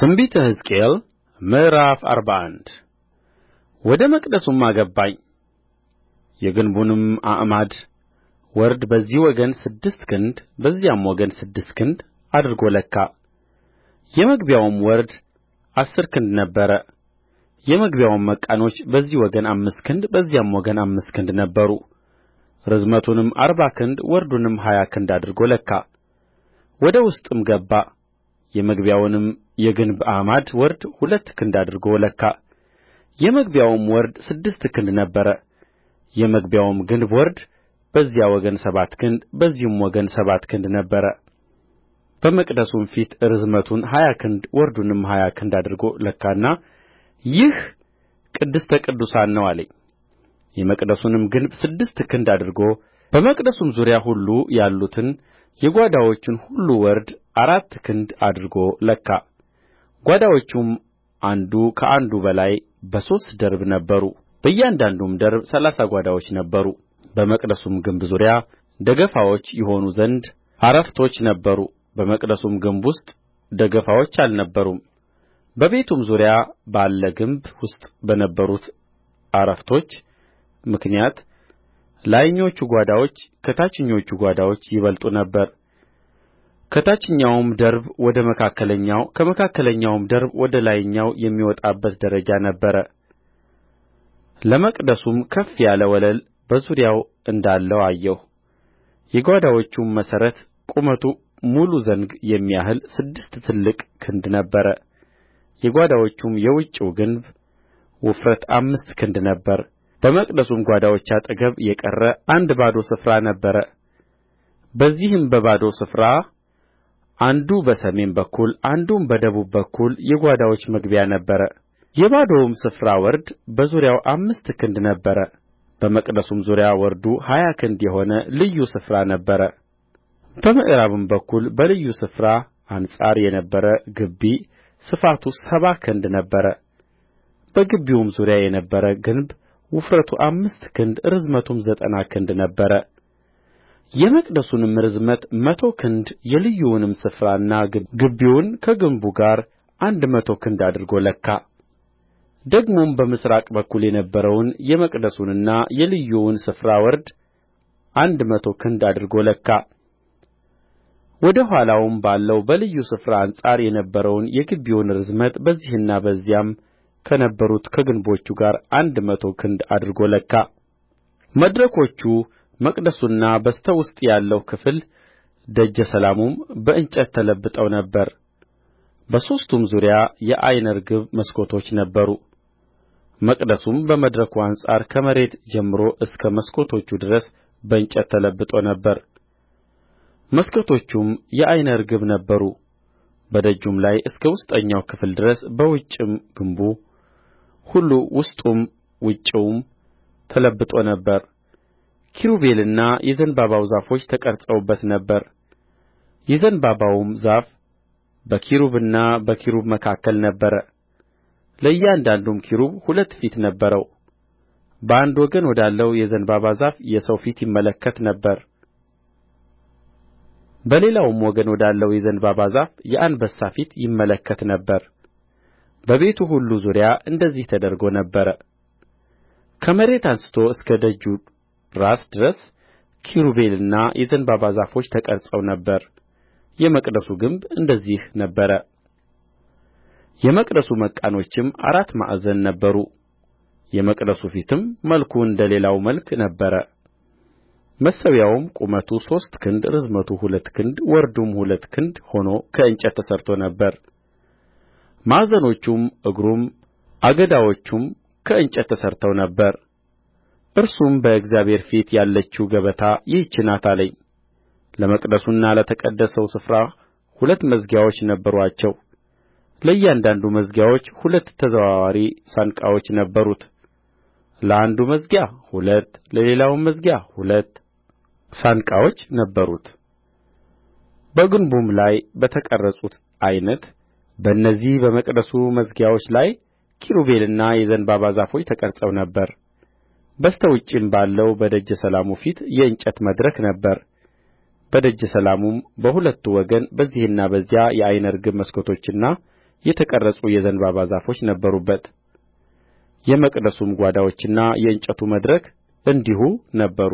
ትንቢተ ሕዝቅኤል ምዕራፍ አርባ አንድ ወደ መቅደሱም አገባኝ የግንቡንም አዕማድ ወርድ በዚህ ወገን ስድስት ክንድ በዚያም ወገን ስድስት ክንድ አድርጎ ለካ የመግቢያውም ወርድ አሥር ክንድ ነበረ። የመግቢያውም መቃኖች በዚህ ወገን አምስት ክንድ በዚያም ወገን አምስት ክንድ ነበሩ። ርዝመቱንም አርባ ክንድ ወርዱንም ሀያ ክንድ አድርጎ ለካ። ወደ ውስጥም ገባ። የመግቢያውንም የግንብ አዕማድ ወርድ ሁለት ክንድ አድርጎ ለካ የመግቢያውም ወርድ ስድስት ክንድ ነበረ የመግቢያውም ግንብ ወርድ በዚያ ወገን ሰባት ክንድ በዚህም ወገን ሰባት ክንድ ነበረ በመቅደሱም ፊት ርዝመቱን ሀያ ክንድ ወርዱንም ሀያ ክንድ አድርጎ ለካና ይህ ቅድስተ ቅዱሳን ነው አለኝ የመቅደሱንም ግንብ ስድስት ክንድ አድርጎ በመቅደሱም ዙሪያ ሁሉ ያሉትን የጓዳዎቹን ሁሉ ወርድ አራት ክንድ አድርጎ ለካ ጓዳዎቹም አንዱ ከአንዱ በላይ በሦስት ደርብ ነበሩ በእያንዳንዱም ደርብ ሠላሳ ጓዳዎች ነበሩ በመቅደሱም ግንብ ዙሪያ ደገፋዎች ይሆኑ ዘንድ አረፍቶች ነበሩ በመቅደሱም ግንብ ውስጥ ደገፋዎች አልነበሩም በቤቱም ዙሪያ ባለ ግንብ ውስጥ በነበሩት አረፍቶች ምክንያት ላይኞቹ ጓዳዎች ከታችኞቹ ጓዳዎች ይበልጡ ነበር ከታችኛውም ደርብ ወደ መካከለኛው ከመካከለኛውም ደርብ ወደ ላይኛው የሚወጣበት ደረጃ ነበረ ለመቅደሱም ከፍ ያለ ወለል በዙሪያው እንዳለው አየሁ የጓዳዎቹም መሠረት ቁመቱ ሙሉ ዘንግ የሚያህል ስድስት ትልቅ ክንድ ነበረ የጓዳዎቹም የውጭው ግንብ ውፍረት አምስት ክንድ ነበረ በመቅደሱም ጓዳዎች አጠገብ የቀረ አንድ ባዶ ስፍራ ነበረ በዚህም በባዶው ስፍራ አንዱ በሰሜን በኩል አንዱም በደቡብ በኩል የጓዳዎች መግቢያ ነበረ የባዶውም ስፍራ ወርድ በዙሪያው አምስት ክንድ ነበረ በመቅደሱም ዙሪያ ወርዱ ሀያ ክንድ የሆነ ልዩ ስፍራ ነበረ በምዕራብም በኩል በልዩ ስፍራ አንጻር የነበረ ግቢ ስፋቱ ሰባ ክንድ ነበረ በግቢውም ዙሪያ የነበረ ግንብ ውፍረቱ አምስት ክንድ ርዝመቱም ዘጠና ክንድ ነበረ የመቅደሱንም ርዝመት መቶ ክንድ የልዩውንም ስፍራና ግቢውን ከግንቡ ጋር አንድ መቶ ክንድ አድርጎ ለካ ደግሞም በምሥራቅ በኩል የነበረውን የመቅደሱንና የልዩውን ስፍራ ወርድ አንድ መቶ ክንድ አድርጎ ለካ ወደ ኋላውም ባለው በልዩ ስፍራ አንጻር የነበረውን የግቢውን ርዝመት በዚህና በዚያም ከነበሩት ከግንቦቹ ጋር አንድ መቶ ክንድ አድርጎ ለካ መድረኮቹ መቅደሱና በስተ ውስጥ ያለው ክፍል ደጀ ሰላሙም በእንጨት ተለብጠው ነበር በሦስቱም ዙሪያ የዓይነ ርግብ መስኮቶች ነበሩ መቅደሱም በመድረኩ አንጻር ከመሬት ጀምሮ እስከ መስኮቶቹ ድረስ በእንጨት ተለብጦ ነበር መስኮቶቹም የዓይነ ርግብ ነበሩ በደጁም ላይ እስከ ውስጠኛው ክፍል ድረስ በውጭም ግንቡ ሁሉ ውስጡም ውጭውም ተለብጦ ነበር ኪሩቤልና የዘንባባው ዛፎች ተቀርጸውበት ነበር የዘንባባውም ዛፍ በኪሩብና በኪሩብ መካከል ነበረ ለእያንዳንዱም ኪሩብ ሁለት ፊት ነበረው በአንድ ወገን ወዳለው የዘንባባ ዛፍ የሰው ፊት ይመለከት ነበር በሌላውም ወገን ወዳለው የዘንባባ ዛፍ የአንበሳ ፊት ይመለከት ነበር በቤቱ ሁሉ ዙሪያ እንደዚህ ተደርጎ ነበር ከመሬት አንሥቶ እስከ ደጁ ራስ ድረስ ኪሩቤልና የዘንባባ ዛፎች ተቀርጸው ነበር የመቅደሱ ግንብ እንደዚህ ነበረ የመቅደሱ መቃኖችም አራት ማዕዘን ነበሩ የመቅደሱ ፊትም መልኩ እንደ ሌላው መልክ ነበረ መሠዊያውም ቁመቱ ሦስት ክንድ ርዝመቱ ሁለት ክንድ ወርዱም ሁለት ክንድ ሆኖ ከእንጨት ተሠርቶ ነበር ማዕዘኖቹም እግሩም አገዳዎቹም ከእንጨት ተሠርተው ነበር እርሱም በእግዚአብሔር ፊት ያለችው ገበታ ይህች ናት አለኝ ለመቅደሱና ለተቀደሰው ስፍራ ሁለት መዝጊያዎች ነበሩአቸው ለእያንዳንዱ መዝጊያዎች ሁለት ተዘዋዋሪ ሳንቃዎች ነበሩት ለአንዱ መዝጊያ ሁለት ለሌላውም መዝጊያ ሁለት ሳንቃዎች ነበሩት በግንቡም ላይ በተቀረጹት ዓይነት በእነዚህ በመቅደሱ መዝጊያዎች ላይ ኪሩቤልና የዘንባባ ዛፎች ተቀርጸው ነበር በስተ ውጭም ባለው በደጀ ሰላሙ ፊት የእንጨት መድረክ ነበረ በደጀ ሰላሙም በሁለቱ ወገን በዚህና በዚያ የዓይነ ርግብ መስኮቶችና የተቀረጹ የዘንባባ ዛፎች ነበሩበት የመቅደሱም ጓዳዎችና የእንጨቱ መድረክ እንዲሁ ነበሩ